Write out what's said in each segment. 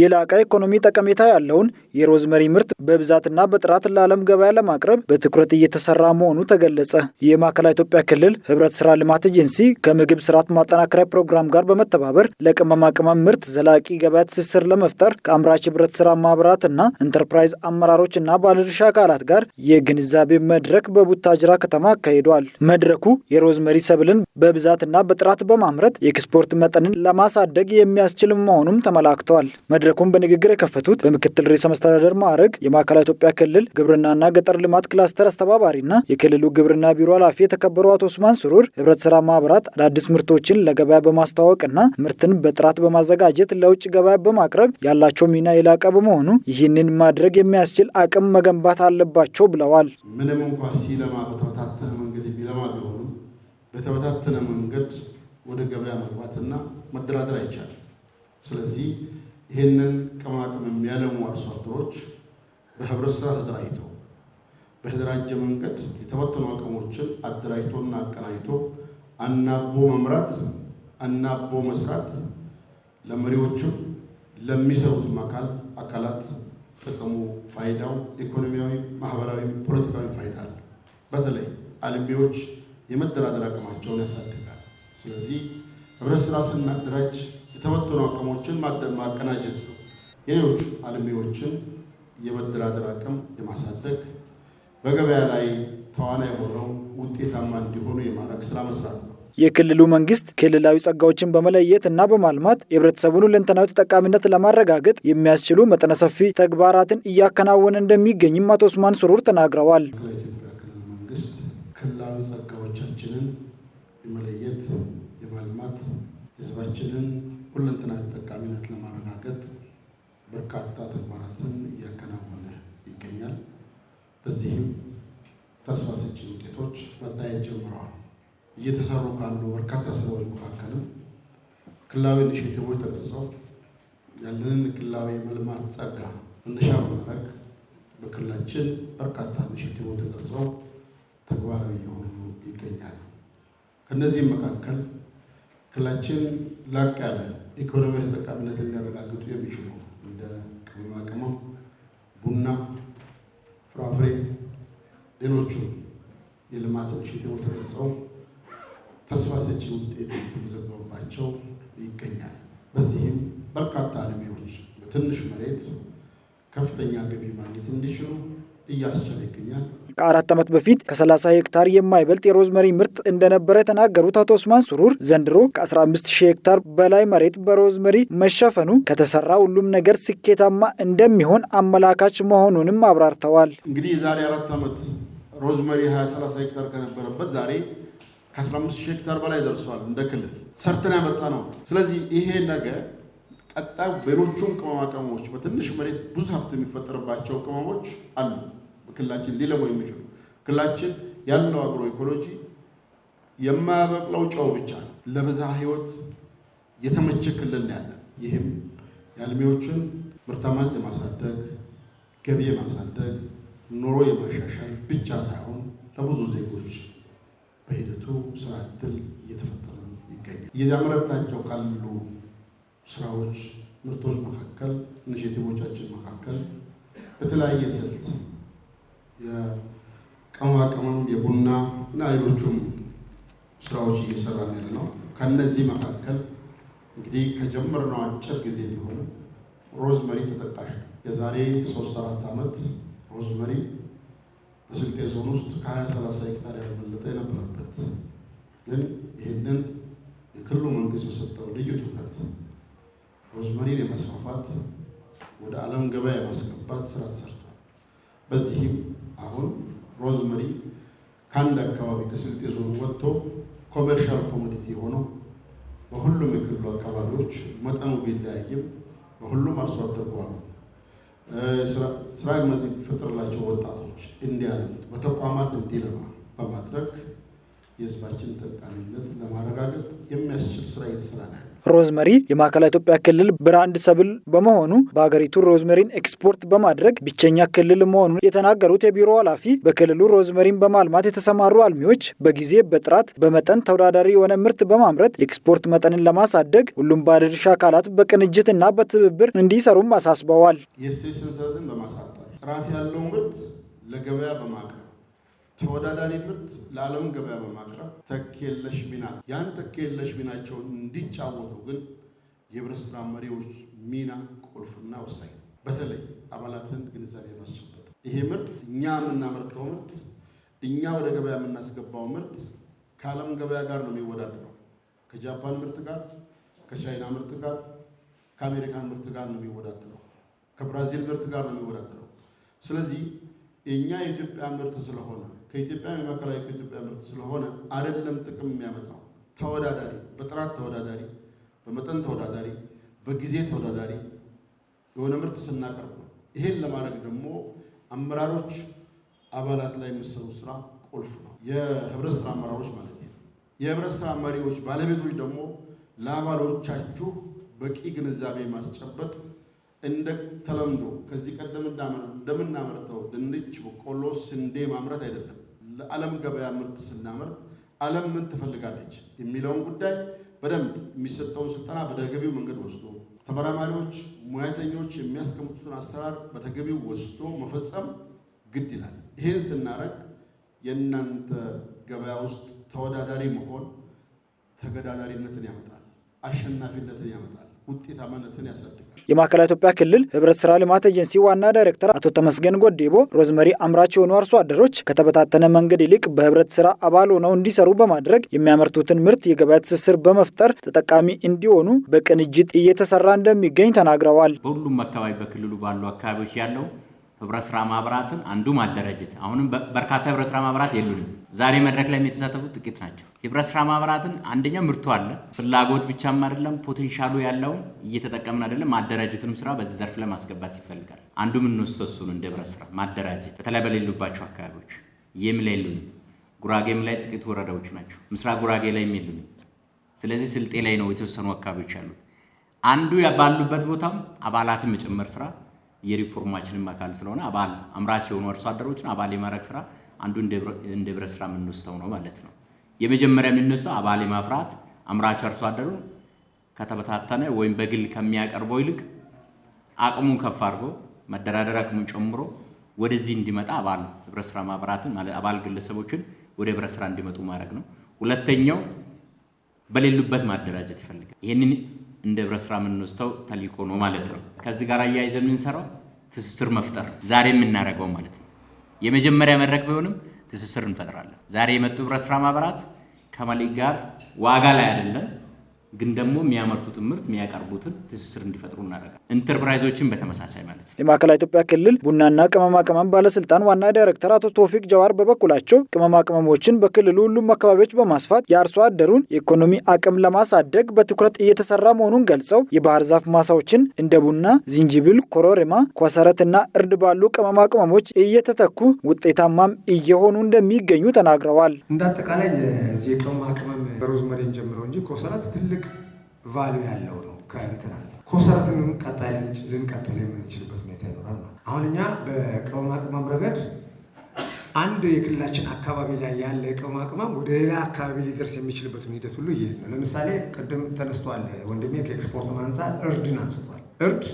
የላቀ ኢኮኖሚ ጠቀሜታ ያለውን የሮዝመሪ ምርት በብዛትና በጥራት ለዓለም ገበያ ለማቅረብ በትኩረት እየተሰራ መሆኑ ተገለጸ። የማዕከላዊ ኢትዮጵያ ክልል ህብረት ስራ ልማት ኤጀንሲ ከምግብ ስርዓት ማጠናከሪያ ፕሮግራም ጋር በመተባበር ለቅመማ ቅመም ምርት ዘላቂ ገበያ ትስስር ለመፍጠር ከአምራች ህብረት ስራ ማህበራትና ኢንተርፕራይዝ አመራሮችና ባለድርሻ አካላት ጋር የግንዛቤ መድረክ በቡታጅራ ከተማ አካሂዷል። መድረኩ የሮዝመሪ ሰብልን በብዛትና በጥራት በማምረት የኤክስፖርት መጠንን ለማሳደግ የሚያስችል መሆኑም ተመላክተዋል። መድረኩን በንግግር የከፈቱት በምክትል ርዕሰ መስተዳደር ማዕረግ የማዕከላዊ ኢትዮጵያ ክልል ግብርናና ገጠር ልማት ክላስተር አስተባባሪና የክልሉ ግብርና ቢሮ ኃላፊ የተከበሩ አቶ ኡስማን ስሩር ህብረት ስራ ማህበራት አዳዲስ ምርቶችን ለገበያ በማስተዋወቅና ምርትን በጥራት በማዘጋጀት ለውጭ ገበያ በማቅረብ ያላቸው ሚና የላቀ በመሆኑ ይህንን ማድረግ የሚያስችል አቅም መገንባት አለባቸው ብለዋል። ምንም እንኳ ሲለማ በተበታተነ መንገድ የሚለማ ቢሆኑ በተበታተነ መንገድ ወደ ገበያ መግባትና መደራደር አይቻልም። ስለዚህ ይህንን ቅመማ ቅመም ያለሙ አርሶ አደሮች በህብረት ስራ ተደራጅቶ በተደራጀ መንገድ የተበተኑ አቅሞችን አደራጅቶና አቀናጅቶ አናቦ መምራት አናቦ መስራት ለመሪዎችም ለሚሰሩትም አካል አካላት ጥቅሙ ፋይዳው ኢኮኖሚያዊ፣ ማህበራዊ፣ ፖለቲካዊ ፋይዳ አለ። በተለይ አልሚዎች የመደራደር አቅማቸውን ያሳድጋል። ስለዚህ ህብረት ስራ ስናደራጅ የተበተኑ አቅሞችን ማቀናጀት ነው። የሌሎች አልሚዎችን የመደራደር አቅም የማሳደግ በገበያ ላይ ተዋናይ ሆነው ውጤታማ እንዲሆኑ የማድረግ ስራ መስራት ነው። የክልሉ መንግስት ክልላዊ ጸጋዎችን በመለየት እና በማልማት የህብረተሰቡን ሁለንተናዊ ተጠቃሚነት ለማረጋገጥ የሚያስችሉ መጠነ ሰፊ ተግባራትን እያከናወነ እንደሚገኝም አቶ ኡስማን ስሩር ተናግረዋል። ክልላዊ ጸጋዎቻችንን የመለየት የህዝባችንን ሁለንተናዊ ተጠቃሚነት ለማረጋገጥ በርካታ ተግባራትን እያከናወነ ይገኛል። በዚህም ተስፋ ሰጪ ውጤቶች መታየት ጀምረዋል። እየተሰሩ ካሉ በርካታ ስራዎች መካከልም ክልላዊ ኢኒሼቲቮች ተቀርጸው ያለንን ክልላዊ የመልማት ጸጋ መነሻ በማድረግ በክልላችን በርካታ ኢኒሼቲቮች ተቀርጸው ተግባራዊ የሆኑ ይገኛሉ። ከእነዚህም መካከል ክላችን ላቅ ያለ ኢኮኖሚያዊ ተጠቃሚነት ሊያረጋግጡ የሚችሉ እንደ ቅመማ ቅመም፣ ቡና፣ ፍራፍሬ፣ ሌሎቹ የልማት ሽቴው ተገልጸው ተስፋ ሰጪ ውጤት የተመዘገበባቸው ይገኛል። በዚህም በርካታ አልሚዎች በትንሽ መሬት ከፍተኛ ገቢ ማግኘት እንዲችሉ እያስችል ይገኛል። ከአራት ዓመት በፊት ከ30 ሄክታር የማይበልጥ የሮዝመሪ ምርት እንደነበረ የተናገሩት አቶ ስማን ሱሩር ዘንድሮ ከ150 ሄክታር በላይ መሬት በሮዝመሪ መሸፈኑ ከተሰራ ሁሉም ነገር ስኬታማ እንደሚሆን አመላካች መሆኑንም አብራርተዋል። እንግዲህ የዛሬ አራት ዓመት ሮዝመሪ 230 ሄክታር ከነበረበት ዛሬ ከ150 ሄክታር በላይ ደርሷል። እንደ ክልል ሰርተን ያመጣ ነው። ስለዚህ ይሄ ነገር ቀጣ ሌሎቹም ቅመማ ቅመሞች በትንሽ መሬት ብዙ ሀብት የሚፈጠርባቸው ቅመሞች አሉ። ክላችን ሊለሙ የሚችሉ ክላችን ያለው አግሮ ኢኮሎጂ የማያበቅለው ጨው ብቻ ነው። ለብዝሃ የተመቸ ክልል ያለ ይህም የአልሚዎችን ምርታማነት የማሳደግ ገቢ የማሳደግ ኑሮ የማሻሻል ብቻ ሳይሆን ለብዙ ዜጎች በሂደቱ ስራ እድል እየተፈጠረ ይገኛል። እያመረትናቸው ካሉ ስራዎች ምርቶች መካከል ኢኒሼቲቮቻችን መካከል በተለያየ ስልት የቅመማ ቅመም የቡና እና ሌሎቹም ስራዎች እየሰራ ያለ ነው። ከነዚህ መካከል እንግዲህ ከጀመርነው አጭር ጊዜ ቢሆን ሮዝመሪ ተጠቃሽ ነው። የዛሬ ሶስት አራት ዓመት ሮዝመሪ በስልጤ ዞን ውስጥ ከሀያ ሰላሳ ሄክታር ያልበለጠ የነበረበት ግን ይህንን የክልሉ መንግስት በሰጠው ልዩ ትኩረት ሮዝመሪን የማስፋፋት ወደ ዓለም ገበያ የማስገባት ስራ ተሰርቷል። በዚህም አሁን ሮዝመሪ ከአንድ አካባቢ ከስልጤ ዞን ወጥቶ ኮመርሻል ኮሞዲቲ የሆነው በሁሉም የክልሉ አካባቢዎች መጠኑ ቢለያይም በሁሉም አርሶ አደሩ ስራ የሚፈጥርላቸው ወጣቶች እንዲያለምት በተቋማት እንዲለማ በማድረግ የህዝባችን ተጠቃሚነት ለማረጋገጥ የሚያስችል ስራ እየተሰራ ነው። ሮዝመሪ የማዕከላዊ ኢትዮጵያ ክልል ብራንድ ሰብል በመሆኑ በሀገሪቱ ሮዝመሪን ኤክስፖርት በማድረግ ብቸኛ ክልል መሆኑን የተናገሩት የቢሮ ኃላፊ በክልሉ ሮዝመሪን በማልማት የተሰማሩ አልሚዎች በጊዜ በጥራት በመጠን ተወዳዳሪ የሆነ ምርት በማምረት የኤክስፖርት መጠንን ለማሳደግ ሁሉም ባለድርሻ አካላት በቅንጅት እና በትብብር እንዲሰሩም አሳስበዋል። የእሴት ሰንሰለትን ጥራት ያለው ምርት ለገበያ በማቅረብ ተወዳዳሪ ምርት ለዓለም ገበያ በማቅረብ ተኬለሽ ሚና ያን ተኬለሽ ሚናቸውን እንዲጫወቱ ግን የህብረት ስራ መሪዎች ሚና ቁልፍና ወሳኝ ነው። በተለይ አባላትን ግንዛቤ ማስጨበጥ ይሄ ምርት እኛ የምናመርተው ምርት እኛ ወደ ገበያ የምናስገባው ምርት ከዓለም ገበያ ጋር ነው የሚወዳደረው። ከጃፓን ምርት ጋር፣ ከቻይና ምርት ጋር፣ ከአሜሪካን ምርት ጋር ነው የሚወዳደረው። ከብራዚል ምርት ጋር ነው የሚወዳደረው። ስለዚህ የእኛ የኢትዮጵያ ምርት ስለሆነ ከኢትዮጵያ የማዕከላዊ ከኢትዮጵያ ምርት ስለሆነ አይደለም ጥቅም የሚያመጣው ተወዳዳሪ፣ በጥራት ተወዳዳሪ፣ በመጠን ተወዳዳሪ፣ በጊዜ ተወዳዳሪ የሆነ ምርት ስናቀርብ ነው። ይሄን ለማድረግ ደግሞ አመራሮች አባላት ላይ የሚሰሩ ስራ ቁልፍ ነው። የህብረት ስራ አመራሮች ማለት ነው። የህብረት ስራ መሪዎች ባለቤቶች ደግሞ ለአባሎቻችሁ በቂ ግንዛቤ ማስጨበጥ እንደ ተለምዶ ከዚህ ቀደም እንደምናመርተው ድንች፣ በቆሎ፣ ስንዴ ማምረት አይደለም። ለዓለም ገበያ ምርት ስናመርት ዓለም ምን ትፈልጋለች የሚለውን ጉዳይ በደንብ የሚሰጠውን ስልጠና በተገቢው መንገድ ወስዶ ተመራማሪዎች፣ ሙያተኞች የሚያስቀምጡትን አሰራር በተገቢው ወስዶ መፈጸም ግድ ይላል። ይህን ስናረግ የእናንተ ገበያ ውስጥ ተወዳዳሪ መሆን ተገዳዳሪነትን ያመጣል፣ አሸናፊነትን ያመጣል፣ ውጤታማነትን ያሳድጋል። የማዕከላዊ ኢትዮጵያ ክልል ህብረት ስራ ልማት ኤጀንሲ ዋና ዳይሬክተር አቶ ተመስገን ጎዴቦ ሮዝመሪ አምራች የሆኑ አርሶ አደሮች ከተበታተነ መንገድ ይልቅ በህብረት ስራ አባል ሆነው እንዲሰሩ በማድረግ የሚያመርቱትን ምርት የገበያ ትስስር በመፍጠር ተጠቃሚ እንዲሆኑ በቅንጅት እየተሰራ እንደሚገኝ ተናግረዋል። በሁሉም አካባቢ በክልሉ ባሉ አካባቢዎች ያለው ህብረት ስራ ማህበራትን አንዱ ማደራጀት። አሁንም በርካታ ህብረት ስራ ማህበራት የሉንም። ዛሬ መድረክ ላይ የተሳተፉት ጥቂት ናቸው። ህብረት ስራ ማህበራትን አንደኛ ምርቱ አለ፣ ፍላጎት ብቻም አይደለም፣ ፖቴንሻሉ ያለውን እየተጠቀምን አይደለም። ማደራጀትንም ስራ በዚህ ዘርፍ ላይ ማስገባት ይፈልጋል። አንዱ የምንወስደው እሱን እንደ ህብረት ስራ ማደራጀት፣ በተለይ በሌሉባቸው አካባቢዎች ይህም ላይ ጉራጌም ላይ ጥቂት ወረዳዎች ናቸው። ምስራቅ ጉራጌ ላይ የሉንም። ስለዚህ ስልጤ ላይ ነው የተወሰኑ አካባቢዎች ያሉት። አንዱ ባሉበት ቦታም አባላትን መጨመር ስራ የሪፎርማችንም አካል ስለሆነ አባል አምራች የሆኑ አርሶ አደሮችን አባል የማድረግ ስራ አንዱ እንደ ህብረት ስራ የምንወስተው ነው ማለት ነው። የመጀመሪያ የምንወስደው አባል የማፍራት አምራች አርሶ አደሩ ከተበታተነ ወይም በግል ከሚያቀርበው ይልቅ አቅሙን ከፍ አድርጎ መደራደር አቅሙን ጨምሮ ወደዚህ እንዲመጣ አባል ህብረት ስራ ማህበራትን አባል ግለሰቦችን ወደ ህብረት ስራ እንዲመጡ ማድረግ ነው። ሁለተኛው በሌሉበት ማደራጀት ይፈልጋል። ይህንን እንደ ህብረት ስራ የምንወስደው ነው ማለት ነው። ከዚህ ጋር አያይዘ የምንሰራው ትስስር መፍጠር ዛሬ የምናደርገው ማለት ነው። የመጀመሪያ መድረክ ቢሆንም ትስስር እንፈጥራለን። ዛሬ የመጡ ብረስራ ስራ ማህበራት ጋር ዋጋ ላይ አይደለም ግን ደግሞ የሚያመርቱትን ምርት የሚያቀርቡትን ትስስር እንዲፈጥሩ እናደርጋል። ኢንተርፕራይዞችን በተመሳሳይ ማለት የማዕከላዊ ኢትዮጵያ ክልል ቡናና ቅመማ ቅመም ባለስልጣን ዋና ዳይሬክተር አቶ ቶፊቅ ጀዋር በበኩላቸው ቅመማ ቅመሞችን በክልሉ ሁሉም አካባቢዎች በማስፋት የአርሶ አደሩን የኢኮኖሚ አቅም ለማሳደግ በትኩረት እየተሰራ መሆኑን ገልጸው የባህር ዛፍ ማሳዎችን እንደ ቡና፣ ዝንጅብል፣ ኮሮሪማ፣ ኮሰረትና እርድ ባሉ ቅመማ ቅመሞች እየተተኩ ውጤታማም እየሆኑ እንደሚገኙ ተናግረዋል። እንደ አጠቃላይ የቅመማ ቅመም በሮዝመሪን ጀምረው እንጂ ኮሰረት ትልቅ ትልቅ ቫሉ ያለው ነው። ከእንትን አንጻር ኮንሰርትንም ቀጣይ ልንቀጥል የምንችልበት ሁኔታ ይኖራል። አሁን እኛ በቅመማ ቅመም ረገድ አንድ የክልላችን አካባቢ ላይ ያለ የቅመማ ቅመም ወደ ሌላ አካባቢ ሊደርስ የሚችልበትን ሂደት ሁሉ ይሄ ነው። ለምሳሌ ቅድም ተነስቷል ወንድሜ ከኤክስፖርት ማንሳት እርድን አንስቷል። እርድ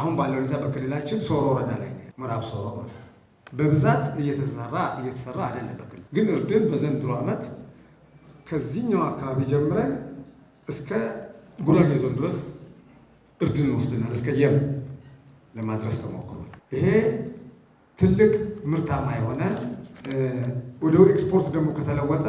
አሁን ባለው ሁኔታ በክልላችን ሶሮ ወረዳ ላይ ምዕራብ ሶሮ ማለት ነው በብዛት እየተሰራ እየተሰራ አይደለም። በክልል ግን እርድን በዘንድሮ ዓመት ከዚህኛው አካባቢ ጀምረን እስከ ጉራጌ ዞን ድረስ እርድ እንወስደናል። እስከ የም ለማድረስ ተሞክሯል። ይሄ ትልቅ ምርታማ የሆነ ወደ ኤክስፖርት ደግሞ ከተለወጠ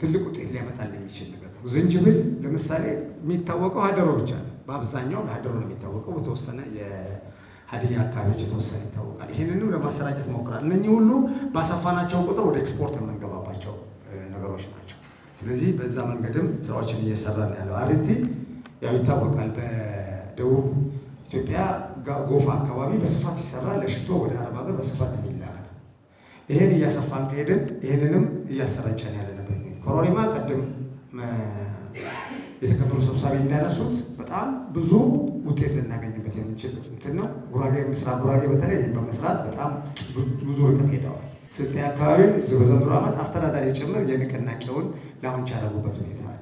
ትልቅ ውጤት ሊያመጣል የሚችል ነገር ነው። ዝንጅብል ለምሳሌ የሚታወቀው ሀደሮ ብቻ ነው። በአብዛኛው ሀደሮ ነው የሚታወቀው። በተወሰነ የሀዲያ አካባቢዎች የተወሰነ ይታወቃል። ይህንንም ለማሰራጨት ሞክራል። እነኚህ ሁሉ ባሰፋናቸው ቁጥር ወደ ኤክስፖርት የምንገባባቸው ነገሮች ናቸው። ስለዚህ በዛ መንገድም ስራዎችን እየሰራ ነው ያለው። አርቲ ያው ይታወቃል። በደቡብ ኢትዮጵያ ጎፋ አካባቢ በስፋት ይሰራል። ለሽቶ ወደ አረብ ሀገር በስፋት የሚላል ይሄን እያሰፋን ከሄድን ይሄንንም እያሰራጨን ያለንበት ኮሮኒማ ቀደም የተከበሩ ሰብሳቢ እንዳነሱት በጣም ብዙ ውጤት ልናገኝበት የምንችል እንትን ነው። ጉራጌ ምስራቅ ጉራጌ በተለይ በመስራት በጣም ብዙ ርቀት ሄደዋል። ስልጤ አካባቢ ዘበዘንድሮ ዓመት አስተዳዳሪ ጭምር የንቅናቄውን ላውንች ያደረጉበት ሁኔታ አለ።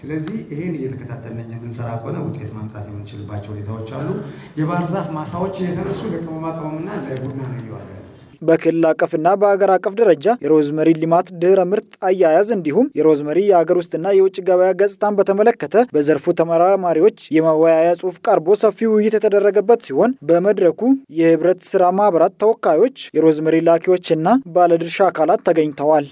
ስለዚህ ይህን እየተከታተልን የምንሰራ ከሆነ ውጤት ማምጣት የምንችልባቸው ሁኔታዎች አሉ። የባህር ዛፍ ማሳዎች እየተነሱ ለቅመማ ቅመምና ለቡና ነው እየዋለ በክልል አቀፍና በሀገር አቀፍ ደረጃ የሮዝመሪ ልማት ድህረ ምርት አያያዝ እንዲሁም የሮዝመሪ የሀገር ውስጥና የውጭ ገበያ ገጽታን በተመለከተ በዘርፉ ተመራማሪዎች የመወያያ ጽሑፍ ቀርቦ ሰፊ ውይይት የተደረገበት ሲሆን በመድረኩ የህብረት ስራ ማህበራት ተወካዮች፣ የሮዝመሪ ላኪዎችና ባለድርሻ አካላት ተገኝተዋል።